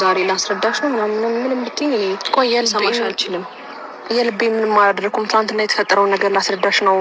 ዛሬ ላስረዳሽ ነው ምናምን ምንም ብትይኝ እኔ ልሰማሽ አልችልም። የልቤ ምንም አላደረኩም። ትናንትና የተፈጠረውን ነገር ላስረዳሽ ነው።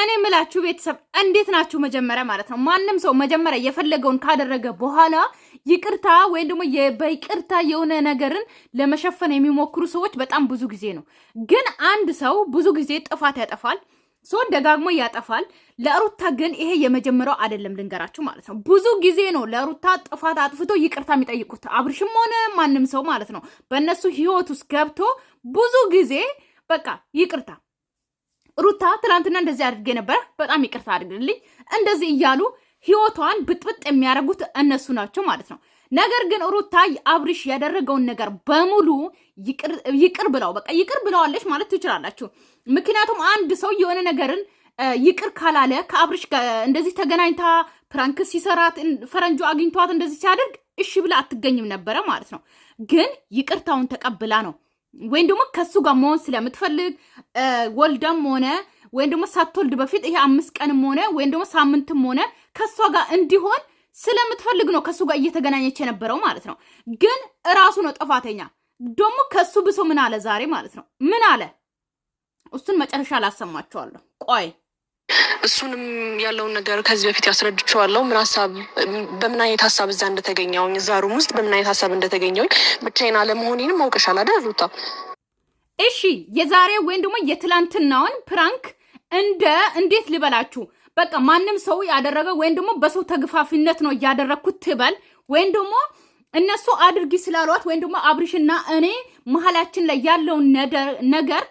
እኔ የምላችሁ ቤተሰብ እንዴት ናችሁ? መጀመሪያ ማለት ነው ማንም ሰው መጀመሪያ የፈለገውን ካደረገ በኋላ ይቅርታ ወይም ደግሞ በይቅርታ የሆነ ነገርን ለመሸፈን የሚሞክሩ ሰዎች በጣም ብዙ ጊዜ ነው። ግን አንድ ሰው ብዙ ጊዜ ጥፋት ያጠፋል ሰው ደጋግሞ ያጠፋል። ለሩታ ግን ይሄ የመጀመሪያው አይደለም፣ ልንገራችሁ ማለት ነው። ብዙ ጊዜ ነው ለሩታ ጥፋት አጥፍቶ ይቅርታ የሚጠይቁት አብርሽም ሆነ ማንም ሰው ማለት ነው። በእነሱ ህይወት ውስጥ ገብቶ ብዙ ጊዜ በቃ ይቅርታ ሩታ ትናንትና እንደዚህ አድርጌ ነበረ፣ በጣም ይቅርታ አድርግልኝ፣ እንደዚህ እያሉ ህይወቷን ብጥብጥ የሚያደርጉት እነሱ ናቸው ማለት ነው። ነገር ግን ሩታ አብርሽ ያደረገውን ነገር በሙሉ ይቅር ብለው በቃ ይቅር ብለዋለች ማለት ትችላላችሁ። ምክንያቱም አንድ ሰው የሆነ ነገርን ይቅር ካላለ ከአብርሽ እንደዚህ ተገናኝታ ፕራንክ ሲሰራት ፈረንጆ አግኝቷት እንደዚህ ሲያደርግ እሺ ብላ አትገኝም ነበረ ማለት ነው። ግን ይቅርታውን ተቀብላ ነው ወይም ደግሞ ከሱ ጋር መሆን ስለምትፈልግ ወልዳም ሆነ ወይም ደግሞ ሳትወልድ በፊት ይሄ አምስት ቀንም ሆነ ወይም ደግሞ ሳምንትም ሆነ ከእሷ ጋር እንዲሆን ስለምትፈልግ ነው ከእሱ ጋር እየተገናኘች የነበረው ማለት ነው። ግን እራሱ ነው ጥፋተኛ። ደግሞ ከእሱ ብሶ ምን አለ ዛሬ ማለት ነው። ምን አለ? እሱን መጨረሻ ላሰማቸዋለሁ። ቆይ እሱንም ያለውን ነገር ከዚህ በፊት ያስረድችዋለው። ምን ሀሳብ በምን አይነት ሀሳብ እዛ እንደተገኘውኝ እዛ ሩም ውስጥ በምን አይነት ሀሳብ እንደተገኘውኝ ብቻዬን አለመሆኔንም አውቀሻል አይደል ሩታ? እሺ የዛሬ ወይም ደግሞ የትላንትናውን ፕራንክ እንደ እንዴት ልበላችሁ በቃ ማንም ሰው ያደረገው ወይም ደግሞ በሰው ተግፋፊነት ነው እያደረግኩት ትበል ወይም ደግሞ እነሱ አድርጊ ስላሏት ወይም ደግሞ አብሪሽና እኔ መሀላችን ላይ ያለውን ነገር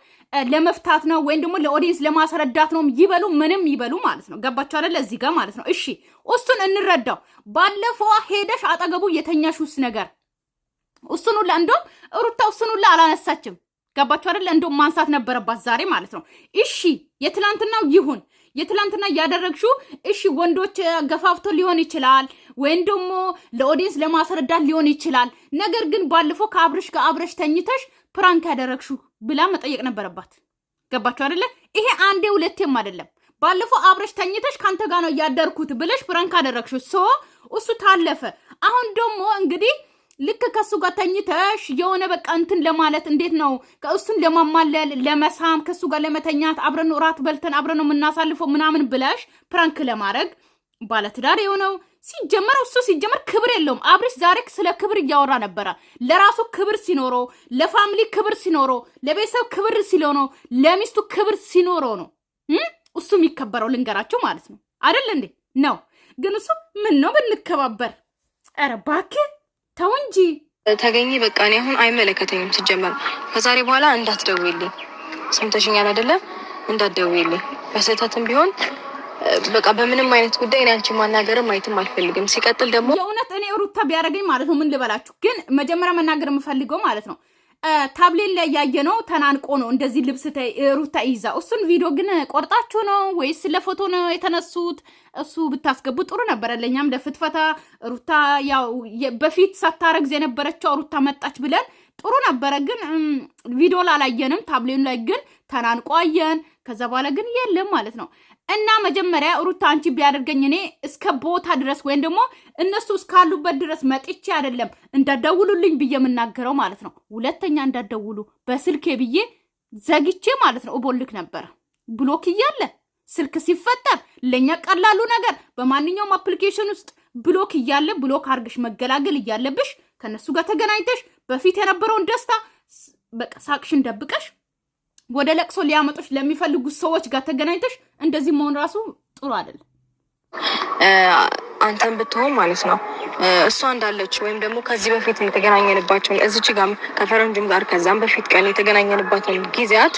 ለመፍታት ነው ወይም ደግሞ ለኦዲየንስ ለማስረዳት ነው። ይበሉ ምንም ይበሉ ማለት ነው። ገባቸው አይደል? እዚህ ጋር ማለት ነው። እሺ እሱን እንረዳው። ባለፈው ሄደሽ አጠገቡ የተኛሽ ውስጥ ነገር እሱን ሁላ እንደውም እሩታ እሱን ሁላ አላነሳችም። ገባቸው አይደል? እንደውም ማንሳት ነበረባት ዛሬ ማለት ነው። እሺ የትላንትናው ይሁን የትላንትና እያደረግሽው እሺ፣ ወንዶች ገፋፍቶ ሊሆን ይችላል ወይም ደግሞ ለኦዲየንስ ለማስረዳት ሊሆን ይችላል። ነገር ግን ባለፈው ከአብረሽ ጋር አብረሽ ተኝተሽ ፕራንክ ያደረግሹ ብላ መጠየቅ ነበረባት። ገባችሁ አደለ ይሄ አንዴ ሁለቴም አይደለም። ባለፈው አብረሽ ተኝተሽ ከአንተ ጋር ነው እያደርኩት ብለሽ ፕራንክ አደረግሽው። ሶ እሱ ታለፈ። አሁን ደግሞ እንግዲህ ከሱ ጋር ተኝተሽ የሆነ በቃ እንትን ለማለት እንዴት ነው እሱን ለማማለል ለመሳም ከሱ ጋር ለመተኛት አብረን እራት በልተን አብረን ነው የምናሳልፈው ምናምን ብለሽ ፕራንክ ለማድረግ ባለትዳር የሆነው ሲጀመር እሱ ሲጀመር ክብር የለውም። አብሪሽ ዛሬ ስለ ክብር እያወራ ነበረ። ለራሱ ክብር ሲኖረው፣ ለፋሚሊ ክብር ሲኖረው፣ ለቤተሰብ ክብር ሲኖረው፣ ለሚስቱ ክብር ሲኖሮ ነው እሱ የሚከበረው። ልንገራቸው ማለት ነው አይደል እንዴ? ነው ግን እሱ ምን ነው ብንከባበር። ኧረ እባክህ ተው እንጂ። ተገኘ በቃ እኔ አሁን አይመለከተኝም። ስጀመር ከዛሬ በኋላ እንዳትደውይልኝ፣ ሰምተሽኛል አይደለም? እንዳትደውይልኝ በስህተትም ቢሆን በቃ በምንም አይነት ጉዳይ እኔ አንቺ ማናገርም ማየትም አልፈልግም። ሲቀጥል ደግሞ የእውነት እኔ ሩታ ቢያደርገኝ ማለት ነው ምን ልበላችሁ፣ ግን መጀመሪያ መናገር የምፈልገው ማለት ነው ታብሌት ላይ ያየ ነው ተናንቆ ነው እንደዚህ ልብስ ሩታ ይዛ። እሱን ቪዲዮ ግን ቆርጣችሁ ነው ወይስ ለፎቶ ነው የተነሱት? እሱ ብታስገቡ ጥሩ ነበረ፣ ለእኛም ለፍትፈታ። ሩታ ያው በፊት ሳታረግዝ የነበረችው ሩታ መጣች ብለን ጥሩ ነበረ፣ ግን ቪዲዮ ላላየንም ታብሌን ላይ ግን ተናንቆ አየን። ከዛ በኋላ ግን የለም ማለት ነው። እና መጀመሪያ ሩታ አንቺ ቢያደርገኝ እኔ እስከ ቦታ ድረስ ወይም ደግሞ እነሱ እስካሉበት ድረስ መጥቼ አይደለም እንዳደውሉልኝ ብዬ የምናገረው ማለት ነው። ሁለተኛ እንዳደውሉ በስልኬ ብዬ ዘግቼ ማለት ነው እቦልክ ነበረ ብሎክ እያለ ስልክ ሲፈጠር ለእኛ ቀላሉ ነገር በማንኛውም አፕሊኬሽን ውስጥ ብሎክ እያለ ብሎክ አርግሽ መገላገል እያለብሽ ከእነሱ ጋር ተገናኝተሽ በፊት የነበረውን ደስታ በቃ ሳቅሽን ደብቀሽ ወደ ለቅሶ ሊያመጡሽ ለሚፈልጉ ሰዎች ጋር ተገናኝተሽ እንደዚህ መሆን ራሱ ጥሩ አይደለም። አንተን ብትሆን ማለት ነው እሷ እንዳለች ወይም ደግሞ ከዚህ በፊት የተገናኘንባቸውን እዚች ጋም ከፈረንጅም ጋር ከዛም በፊት ቀን የተገናኘንባትን ጊዜያት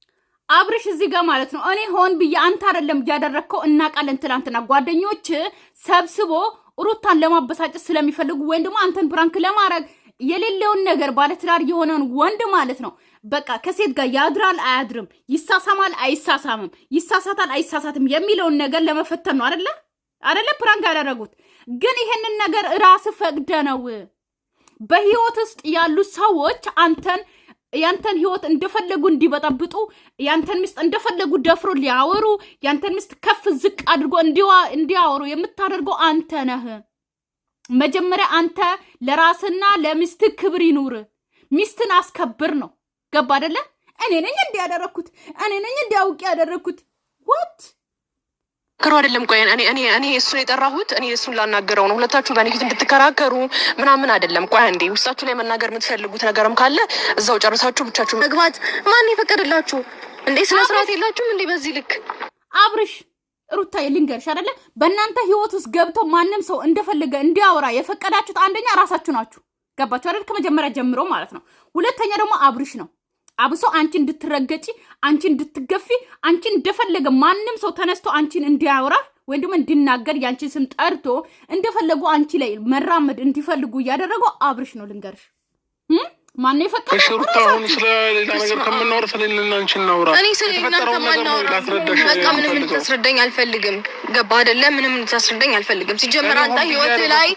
አብርሽ እዚህ ጋር ማለት ነው። እኔ ሆን ብዬ አንተ አይደለም እያደረግከው እናቃለን። ትላንትና ጓደኞች ሰብስቦ ሩታን ለማበሳጨት ስለሚፈልጉ ወይም ደግሞ አንተን ብራንክ ለማድረግ የሌለውን ነገር ባለትዳር የሆነውን ወንድ ማለት ነው በቃ ከሴት ጋር ያድራል አያድርም፣ ይሳሳማል አይሳሳምም፣ ይሳሳታል አይሳሳትም የሚለውን ነገር ለመፈተን ነው አደለ አደለ ፕራንክ ያደረጉት። ግን ይሄንን ነገር ራስ ፈቅደ ነው በህይወት ውስጥ ያሉ ሰዎች አንተን ያንተን ህይወት እንደፈለጉ እንዲበጠብጡ ያንተን ሚስት እንደፈለጉ ደፍሮ ሊያወሩ ያንተን ሚስት ከፍ ዝቅ አድርጎ እንዲያወሩ የምታደርገው አንተ ነህ። መጀመሪያ አንተ ለራስና ለሚስት ክብር ይኑር። ሚስትን አስከብር ነው። ገባ አደለ? እኔ ነኝ እንዲያደረግኩት እኔ ነኝ እንዲያውቅ ያደረግኩት ወት ከሩ አይደለም። ቆይ እኔ እኔ እኔ እሱን የጠራሁት እኔ እሱን ላናገረው ነው። ሁለታችሁ በእኔ ፊት እንድትከራከሩ ምናምን አይደለም። ቆይ እንዴ ውስጣችሁ ላይ መናገር የምትፈልጉት ነገርም ካለ እዛው ጨርሳችሁ ብቻችሁ መግባት ማን የፈቀደላችሁ እንዴ? ስነ ስርዓት የላችሁም እንዴ? በዚህ ልክ አብርሽ ሩታዬ ልንገርሽ አይደለ፣ በእናንተ ህይወት ውስጥ ገብተው ማንም ሰው እንደፈለገ እንዲያወራ የፈቀዳችሁት አንደኛ ራሳችሁ ናችሁ። ገባችሁ አይደል? ከመጀመሪያ ጀምሮ ማለት ነው። ሁለተኛ ደግሞ አብርሽ ነው አብሶ አንቺ እንድትረገጪ፣ አንቺ እንድትገፊ፣ አንቺ እንደፈለገ ማንም ሰው ተነስቶ አንቺን እንዲያወራ ወይም ደግሞ እንዲናገር የአንቺን ስም ጠርቶ እንደፈለጉ አንቺ ላይ መራመድ እንዲፈልጉ እያደረገው አብርሽ ነው ልንገርሽ። ማነው የፈቀደ? ሩታ አሁን ስለ ሌላ ነገር ከምናወራ ስለ እኔና አንቺ እናውራ። እኔ ስለ እናንተ ማናወራ በቃ ምንም እንድታስረዳኝ አልፈልግም። ገባ አይደለ? ምንም እንድታስረዳኝ አልፈልግም። ሲጀመር አንተ ህይወት ላይ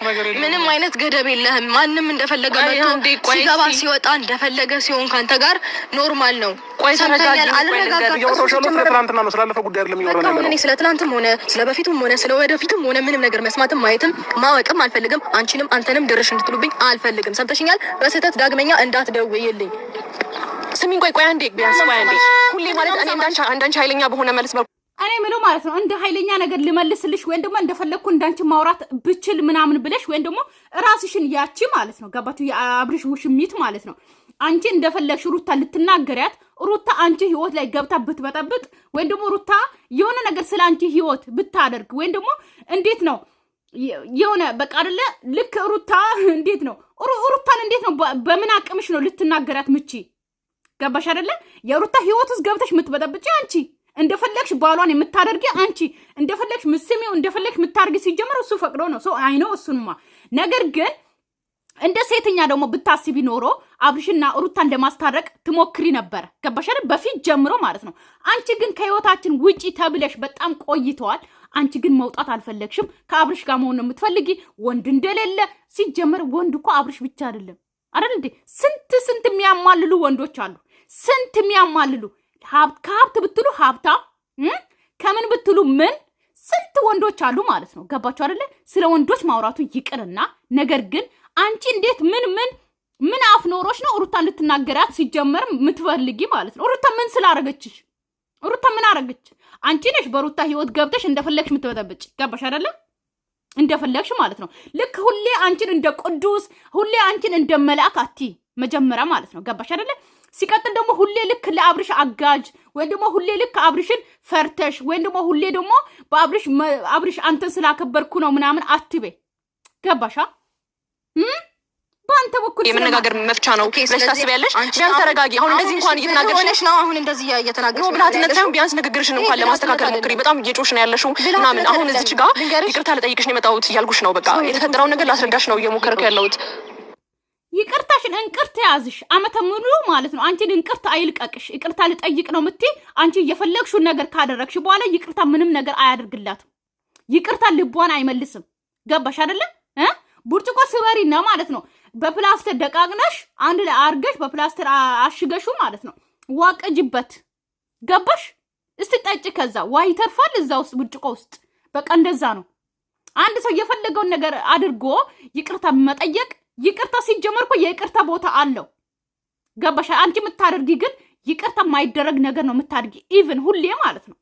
ምንም አይነት ገደብ የለህም። ማንም እንደፈለገ መጥቶ ሲገባ ሲወጣ እንደፈለገ ሲሆን ከአንተ ጋር ኖርማል ነው። ቆይ ሰምተኛል። አልረጋጋትናንትና ነው ስላለፈ ጉዳይ አይደለም እያወራን ያለነው። እኔ ስለ ትናንትም ሆነ ስለ በፊቱም ሆነ ስለ ወደፊቱም ሆነ ምንም ነገር መስማትም ማየትም ማወቅም አልፈልግም። አንቺንም አንተንም ድርሽ እንድትሉብኝ አልፈልግም። ሰምተሽኛል? በስህተት ዳግመኛ እንዳትደውይልኝ። ስሚን፣ ቆይ ቆይ፣ አንዴ ቢያንስ ቆይ አንዴ። ሁሌ ማለት እኔ እንዳንቺ ኃይለኛ በሆነ መልስ መልኩ እኔ ምለው ማለት ነው እንደ ኃይለኛ ነገር ልመልስልሽ ወይም ደግሞ እንደፈለግኩ እንዳንቺ ማውራት ብችል ምናምን ብለሽ ወይም ደግሞ ራስሽን ያቺ ማለት ነው ገባችሁ? የአብርሽ ውሽሚት ማለት ነው አንቺ እንደፈለግሽ ሩታ ልትናገሪያት ሩታ አንቺ ህይወት ላይ ገብታ ብትበጠብጥ ወይም ደግሞ ሩታ የሆነ ነገር ስለ አንቺ ህይወት ብታደርግ ወይም ደግሞ እንዴት ነው የሆነ በቃ አይደለ ልክ ሩታ እንዴት ነው ሩታን እንዴት ነው በምን አቅምሽ ነው ልትናገራት ምቺ ገባሽ አይደለ? የሩታ ህይወት ውስጥ ገብተሽ የምትበጠብጪ አንቺ፣ እንደፈለግሽ ባሏን የምታደርጊ አንቺ፣ እንደፈለግሽ ምስሜው እንደፈለግሽ የምታደርጊ ሲጀምር እሱ ፈቅዶ ነው ሰው አይነው እሱንማ። ነገር ግን እንደ ሴትኛ ደግሞ ብታስቢ ኖሮ አብርሽና ሩታን ለማስታረቅ ትሞክሪ ነበር። ገባሻል? በፊት ጀምሮ ማለት ነው። አንቺ ግን ከህይወታችን ውጪ ተብለሽ በጣም ቆይተዋል። አንቺ ግን መውጣት አልፈለግሽም። ከአብርሽ ጋር መሆን የምትፈልጊ። ወንድ እንደሌለ ሲጀመር፣ ወንድ እኮ አብርሽ ብቻ አይደለም አይደል እንዴ? ስንት ስንት የሚያማልሉ ወንዶች አሉ። ስንት የሚያማልሉ ከሀብት ብትሉ ሀብታም ከምን ብትሉ ምን ስንት ወንዶች አሉ ማለት ነው። ገባችሁ አይደለ? ስለ ወንዶች ማውራቱ ይቅርና ነገር ግን አንቺ እንዴት ምን ምን ምን አፍ ኖሮች ነው ሩታ እንድትናገራት ሲጀመር ምትፈልጊ ማለት ነው? ሩታ ምን ስላረገችሽ? ሩታ ምን አረገች? አንቺ ነሽ በሩታ ህይወት ገብተሽ እንደፈለግሽ ምትበጠብጭ። ገባሽ አደለ? እንደፈለግሽ ማለት ነው። ልክ ሁሌ አንቺን እንደ ቅዱስ ሁሌ አንቺን እንደ መልአክ አቲ መጀመሪያ ማለት ነው። ገባሽ አደለ? ሲቀጥል ደግሞ ሁሌ ልክ ለአብርሽ አጋዥ ወይም ደግሞ ሁሌ ልክ አብርሽን ፈርተሽ ወይም ደግሞ ሁሌ ደግሞ በአብርሽ አንተን ስላከበርኩ ነው ምናምን አትቤ። ገባሻ? በአንተ በኩል የመነጋገር መፍቻ ነው ብለሽ ታስቢያለሽ? ቢያንስ ተረጋጊ። አሁን እንደዚህ እንኳን እየተናገርሽ ነው። አሁን እንደዚህ እየተናገርሽ ብልሃትነት ሳይሆን ቢያንስ ንግግርሽን እንኳን ለማስተካከል ሞክሪ። በጣም እየጮሽ ነው ያለሽው ምናምን። አሁን እዚች ጋ ይቅርታ ልጠይቅሽ ነው የመጣሁት እያልኩሽ ነው። በቃ የተፈጠረውን ነገር ላስረዳሽ ነው እየሞከርኩ ያለሁት። ይቅርታሽን እንቅርት ያዝሽ አመተ ሙሉ ማለት ነው። አንቺን እንቅርት አይልቀቅሽ። ይቅርታ ልጠይቅ ነው ምቴ አንቺ እየፈለግሽውን ነገር ካደረግሽ በኋላ ይቅርታ ምንም ነገር አያደርግላትም። ይቅርታ ልቧን አይመልስም። ገባሽ አይደለም? ብርጭቆ ነ ማለት ነው። በፕላስተር ደቃቅነሽ አንድ ላይ አርገሽ በፕላስተር አሽገሹ ማለት ነው። ዋቀጅበት ገባሽ? እስቲ ጠጭ። ከዛ ዋ ይተርፋል እዛ ውስጥ ብርጭቆ ውስጥ። በቃ እንደዛ ነው። አንድ ሰው የፈለገውን ነገር አድርጎ ይቅርታ መጠየቅ ይቅርታ ሲጀመር እኮ የይቅርታ ቦታ አለው። ገባሽ? አንቺ የምታደርጊ ግን ይቅርታ የማይደረግ ነገር ነው የምታደርጊ ኢቭን ሁሌ ማለት ነው።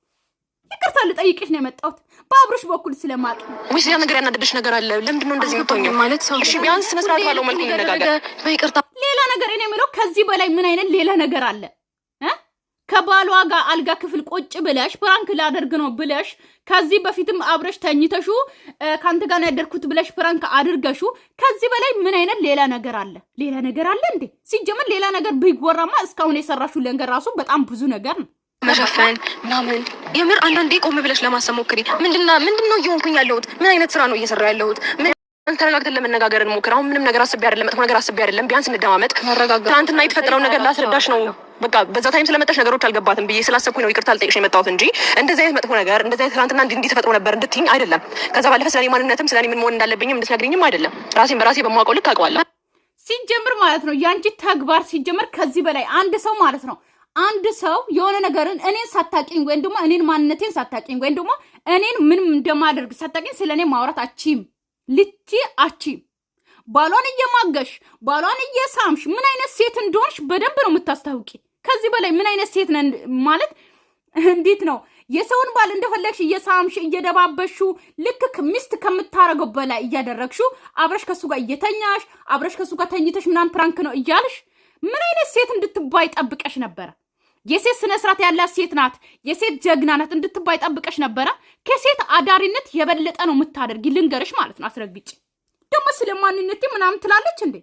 ይቅርታ ልጠይቅሽ ነው የመጣሁት በአብሮሽ በኩል ስለማቅ ወይስ ሌላ ነገር ያናደደሽ ነገር አለ? ለምንድን ነው እንደዚህ የምትሆኚው? ማለት ሰው እሺ፣ ቢያንስ ስነ ስርዓት ባለው መልኩ እንነጋገር። በይቅርታ ሌላ ነገር እኔ የምለው ከዚህ በላይ ምን አይነት ሌላ ነገር አለ? ከባሏ ጋር አልጋ ክፍል ቁጭ ብለሽ ፕራንክ ላደርግ ነው ብለሽ ከዚህ በፊትም አብረሽ ተኝተሹ ከአንተ ጋር ያደርኩት ብለሽ ፕራንክ አድርገሹ ከዚህ በላይ ምን አይነት ሌላ ነገር አለ? ሌላ ነገር አለ እንዴ? ሲጀምር ሌላ ነገር ቢወራማ እስካሁን የሰራሹ ነገር ራሱ በጣም ብዙ ነገር ነው። መሸፈን ምናምን የምር አንዳንዴ ቆም ብለሽ ለማሰብ ሞክሪ። ምንድና ምንድን ነው እየሆንኩኝ ያለሁት? ምን አይነት ስራ ነው እየሰራ ያለሁት? ምን ተረጋግተን ለመነጋገር እንሞክር። አሁን ምንም ነገር አስቤ አይደለም፣ መጥፎ ነገር አስቤ አይደለም። ቢያንስ እንደማመጥ ትናንትና የተፈጠረው ነገር ላስረዳሽ ነው። በቃ በዛ ታይም ስለመጣሽ ነገሮች አልገባትም ብዬ ስላሰብኩኝ ነው ይቅርታ ልጠይቅሽ የመጣሁት እንጂ እንደዚህ አይነት መጥፎ ነገር እንደዚህ አይነት ትናንትና እንዲህ ተፈጥሮ ነበር እንድትይኝ አይደለም። ከዛ ባለፈ ስለኔ ማንነትም ስለኔ ምን መሆን እንዳለብኝም እንድትነግሪኝም አይደለም። ራሴን በራሴ በማውቀው ልክ አውቀዋለሁ። ሲጀምር ማለት ነው የአንቺ ተግባር ሲጀምር ከዚህ በላይ አንድ ሰው ማለት ነው አንድ ሰው የሆነ ነገርን እኔን ሳታቂኝ ወይም ደግሞ እኔን ማንነቴን ሳታቂኝ ወይም ደግሞ እኔን ምንም እንደማደርግ ሳታቂኝ ስለ እኔ ማውራት አቺም ልቺ አቺም ባሏን እየማገሽ ባሏን እየሳምሽ ምን አይነት ሴት እንደሆንሽ በደንብ ነው የምታስታውቂ። ከዚህ በላይ ምን አይነት ሴት ነን ማለት እንዴት ነው? የሰውን ባል እንደፈለግሽ እየሳምሽ እየደባበሹ ልክ ሚስት ከምታረገው በላይ እያደረግሹ አብረሽ ከሱ ጋር እየተኛሽ አብረሽ ከሱ ጋር ተኝተሽ ምናምን ፕራንክ ነው እያልሽ ምን አይነት ሴት እንድትባይ ጠብቀሽ ነበረ? የሴት ስነ ስርዓት ያላት ሴት ናት፣ የሴት ጀግና ናት እንድትባይ ጠብቀሽ ነበረ። ከሴት አዳሪነት የበለጠ ነው የምታደርጊ፣ ልንገርሽ ማለት ነው። አስረግጭ ደግሞ ስለ ማንነቴ ምናምን ትላለች እንዴ።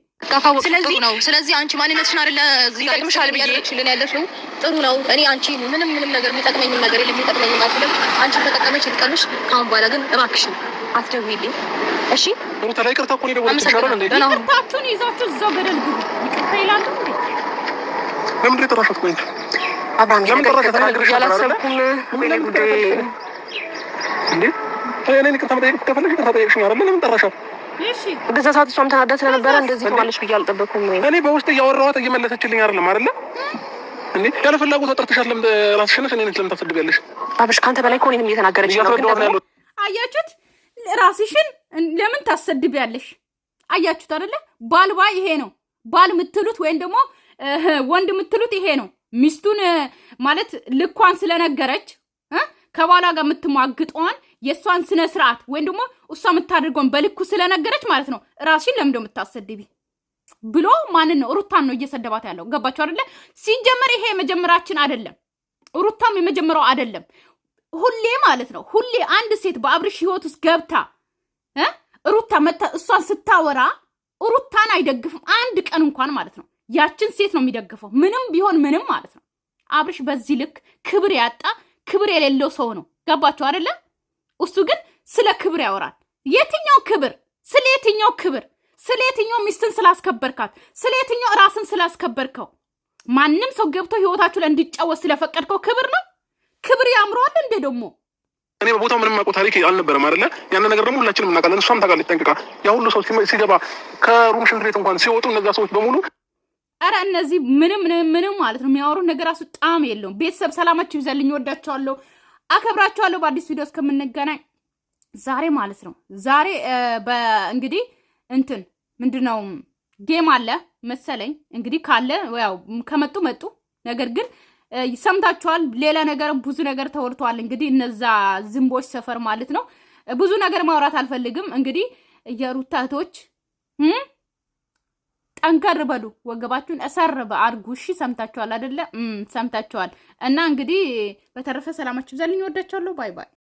ስለዚህ ነው ስለዚህ አንቺ ማንነትሽን አይደለ ይጠቅምሻል ብያለችልን ያለሽው ጥሩ ነው። እኔ አንቺ ምንም ምንም ነገር የሚጠቅመኝም ነገር የለም የሚጠቅመኝም አይደለም። አንቺ ተጠቀመች ይጥቀምሽ። ካሁን በኋላ ግን እባክሽን አትደውይልኝ እሺ። ሩታ ላይ ይቅርታ እኮ ነው ደሞ ተሻለ እንዴ? ይቅርታችሁን ይዛችሁ እዛው ገደል ግቡ። ይቅርታ ይላሉ እንዴ? ለምንድን ነው የጠራሻት ቆይ በዛ ሰዓት እሷም ተናዳ ስለነበረ እንደዚህ ትሆናለች ብዬ አልጠበኩም። እኔ በውስጥ እያወራኋት እየመለሰችልኝ አይደለም እንዴ ያለ ፍላጎት ጠርተሻት እኔ ለምን አብሽ ከአንተ በላይ ከሆነ እየተናገረች አያችሁት? ራስሽን ለምን ታሰድቢያለሽ? አያችሁት አይደለ? ባልባ ይሄ ነው ባል የምትሉት ወይም ደግሞ ወንድ የምትሉት ይሄ ነው። ሚስቱን ማለት ልኳን ስለነገረች ከባሏ ጋር የምትሟግጠዋን የእሷን ስነ ስርዓት ወይም ደግሞ እሷ የምታደርገውን በልኩ ስለነገረች ማለት ነው ራስሽን ለምደ የምታሰድቢ ብሎ ማንን ነው? ሩታን ነው እየሰደባት ያለው። ገባችሁ አደለ? ሲጀመር ይሄ የመጀመሪያችን አደለም፣ ሩታም የመጀመሪያው አደለም። ሁሌ ማለት ነው ሁሌ አንድ ሴት በአብርሽ ህይወት ውስጥ ገብታ ሩታ መታ እሷን ስታወራ ሩታን አይደግፍም አንድ ቀን እንኳን ማለት ነው። ያችን ሴት ነው የሚደግፈው። ምንም ቢሆን ምንም ማለት ነው። አብርሽ በዚህ ልክ ክብር ያጣ ክብር የሌለው ሰው ነው። ገባችሁ አደለ? እሱ ግን ስለ ክብር ያወራል። የትኛው ክብር? ስለ የትኛው ክብር? ስለ የትኛው ሚስትን ስላስከበርካት፣ ስለ የትኛው ራስን ስላስከበርከው፣ ማንም ሰው ገብቶ ህይወታችሁ ላይ እንዲጫወት ስለፈቀድከው ክብር ነው? ክብር ያምረዋል እንዴ ደግሞ እኔ በቦታው ምንም አውቀው ታሪክ አልነበረም አይደለ? ያን ነገር ደግሞ ሁላችንም እናውቃለን። እሷም ታውቃለች ጠንቅቃ። ያ ሁሉ ሰው ሲገባ ከሩም ሽንት ቤት እንኳን ሲወጡ እነዛ ሰዎች በሙሉ ኧረ እነዚህ ምንም ምንም ማለት ነው የሚያወሩ ነገር እራሱ ጣዕም የለውም። ቤተሰብ ሰላማችሁ ይዘልኝ፣ ወዳችኋለሁ፣ አከብራችኋለሁ። በአዲስ ቪዲዮ እስከምንገናኝ ዛሬ ማለት ነው ዛሬ እንግዲህ እንትን ምንድን ነው ጌም አለ መሰለኝ እንግዲህ ካለ ያው ከመጡ መጡ። ነገር ግን ሰምታችኋል። ሌላ ነገር ብዙ ነገር ተወርቷል። እንግዲህ እነዛ ዝንቦች ሰፈር ማለት ነው ብዙ ነገር ማውራት አልፈልግም። እንግዲህ የሩታቶች ጠንከር በሉ፣ ወገባችሁን እሰር በአርጉ። እሺ ሰምታችኋል አደለ? ሰምታችኋል። እና እንግዲህ በተረፈ ሰላማችሁ ይብዛልኝ። ወዳችኋለሁ። ባይ ባይ።